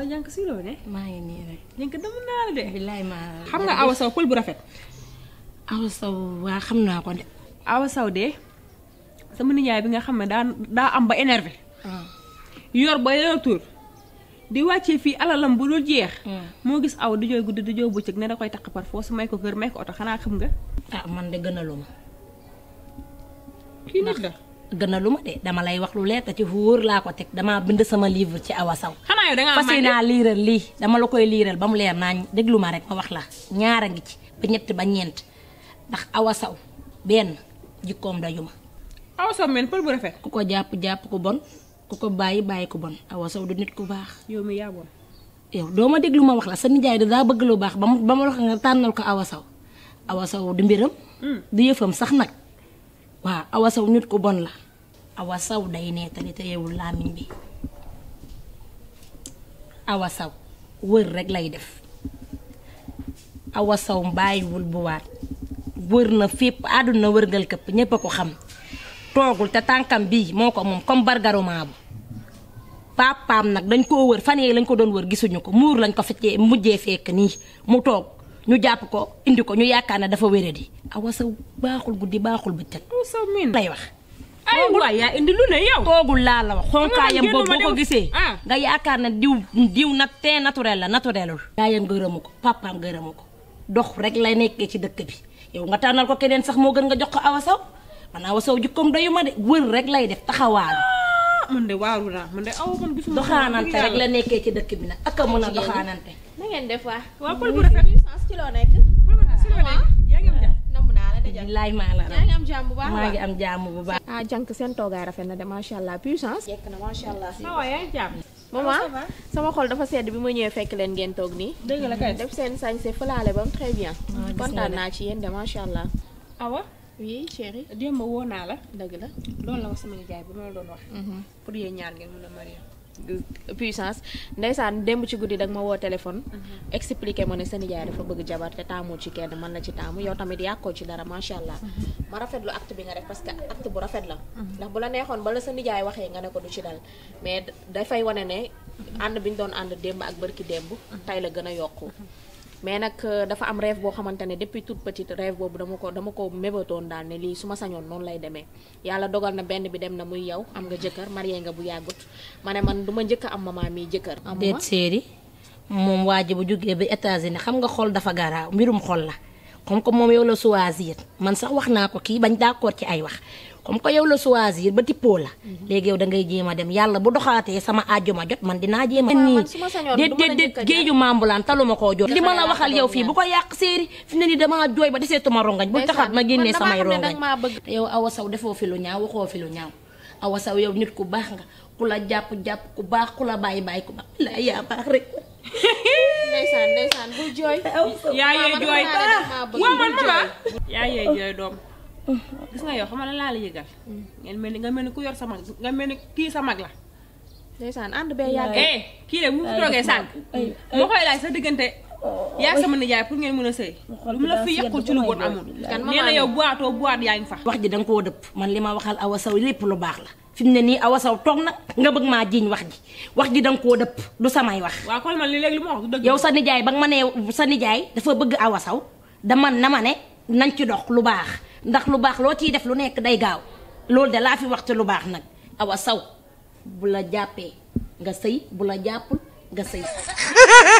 waaye si maa ngi nii rek. jànk dama naa la de. billaay maa xam nga Awa Sow pël bu rafet. Awa Sow waa xam naa ko de. Awa de sama nijaay bi nga xam ne daa am ba énervé. yor ba yor tur. di wàccee fii alalam bu dul jeex. moo gis aw di jooy guddi di jooy bëccëg ne da koy takk par force may ko kër may ko oto xanaa xam nga. ah man de gënaluma. kii nit la. gënalu ma de dama lay wax lu leer te ci wóor laa ko teg damaa bind sama livre ci Awa Sow. xanaa yow naa liiral lii dama la koy liiral ba mu leer naa déglu ma rek ma wax la ñaara ngi ci ba ñett ba ñeent ndax Awa Sow benn jikkoom daju ma. Awa Sow mel pël bu rafet. ku ko jàpp jàpp ku bon ku ko bàyyi bàyyi ku bon Awa Sow du nit ku baax. yow mi yaa yow doo ma déglu ma wax la sa nijaay da daa bëgg lu baax ba mu ba mu wax nga tànnal ko Awa Sow Awa mbiram. Mm. du waa awasaw nit ku bon la Awa Sow day nettali te yeewul làmmiñ bi Awa Sow wër rekk lay def Awa Sow bàyyiwul bu waat wër na fépp àdduna wërngal këpp ñépp a ko xam toogul te tànkam bi moo ko moom comme bargaruma bu papaam nag dañ koo wër fan yee lañ ko doon wër gisuñu ko muur lañ ko fekkee mujjee fekk nii mu toog ñu jàpp ko indi ko ñu yaakaar ne dafa wéradi awa saw baaxul guddi baaxul bëccëg. awa saw miin wax. ay indi lu ne yow. laa la wax xonkaayam boobu boo ko gisee. Ah. nga yaakaar ne diw diw nag tey naturel la naturelul. yaayam gërëmu ko papaam gërëmu ko dox rek lay nekkee ci dëkk bi yow nga tànnal ko keneen sax moo gën nga jox ko awa saw man awa saw jikkoom doyuma de wër rek lay def taxawaar man de waaru naa man de aw oh, man gisuma doxaanante rek la nekkee ci dëkk bi nag ak a mën na ngeen def wa wa pël iya, iya, iya. nah, bu rafet sans ci loo nekk pël bu rafet ci loo nek ya ngi am jàmm namm la de jàmm laay la yaa ngi am bu baax maa ngi am jàmm bu baax ah jank rafet na de allah puissance na allah sama xol dafa sedd bi ma ñëwee fekk leen ngeen toog nii dëgg la kay def seen sañse fëlaale bam très bien ci de allah awa oui chérie démb woo naa la. dëgg la loolu la wax sama nijaay bu loolu doon wax. Mhm. pour yee ñaan ngeen mën a marier. Euh, puissance ndeysaan démb ci guddi dag ma woo téléphone. Mhm. expliqué ma ne sa nijaay dafa bëgg jabar te taamu ci kenn mën na ci taamu yow tamit yàqoo ci dara macha allah. Mhm. ma rafetlu acte bi nga def parce que acte bu rafet la. ndax bu la neexoon bala sa nijaay waxee nga ne ko du ci dal mais dafay wane ne ànd bi ñu doon ànd démb ak bërki démb. tey la gën a yokku. mais nag euh, dafa am rêve boo xamante ne depuis toute petite rêve boobu dama ko dama ko mébétoon daal ne lii su ma sañoon noonu lay demee yàlla dogal na benn bi dem na muy yow am nga jëkkër marié nga bu yàggut ma ne man du ma njëkk a am maman mi jëkkër déet séeri moom waa ji bu jógee ba États-Unis xam nga xol dafa garaaw mbirum xol la comme que moom yow la choisir man sax wax naa ko kii bañ d'accord ci ay wax comme ko yow la choisir ba tippoo la mhm. léegi yow da ngay jéem dem yalla bu doxate sama aajo ma jot man dina jéem ni de, de de géeju mambulan taluma ko jot li ma la waxal yow fi bu ko yak seri fi ne ni dama jooy ba deseetuma rongañ bu taxat ma génnee samay rongañ yow awa saw defo fi lu ñaaw waxo fi lu ñaaw awa saw yow nit ku bax nga ku la japp jàpp ku bax ku la baye bàyyi ku bax la ya bax rek ndeysaan ndeysaan bu joy ya ya joy waaw man dama ya yee jooy gis nga yow xam la laa la yëgal. ngeen mel ni nga mel ni ku yor sa mag nga mel ni kii sa mag la. ndeysaan ànd bee yàgg. Eh, kii de bu mu toogee sànq. ma koy laaj sa diggante. yaa sama nijaay pour ngeen mën a sëy. lu mu la fi yëqul ci lu bon amul. kan nee na yow buwaatoo buwaat yaa ngi fa. wax ji da nga koo dëpp man li ma waxal Awa Sow lépp lu baax la. fi mu ne nii Awa Sow toog na nga bëgg maa jiiñ wax ji wax ji danga koo dëpp du samay wax. waaw kon man li léegi lu ma wax du dëgg. yow sa nijaay ba nga ma nee sa nijaay dafa bëgg Awa Sow dama na ma ne nañ ci dox lu baax ndax lu baax loo ciy def lu nekk day gaaw loolu de laa fi wax ci lu baax nag awa saw bu la jàppee nga sëy bu la jàppul nga sëy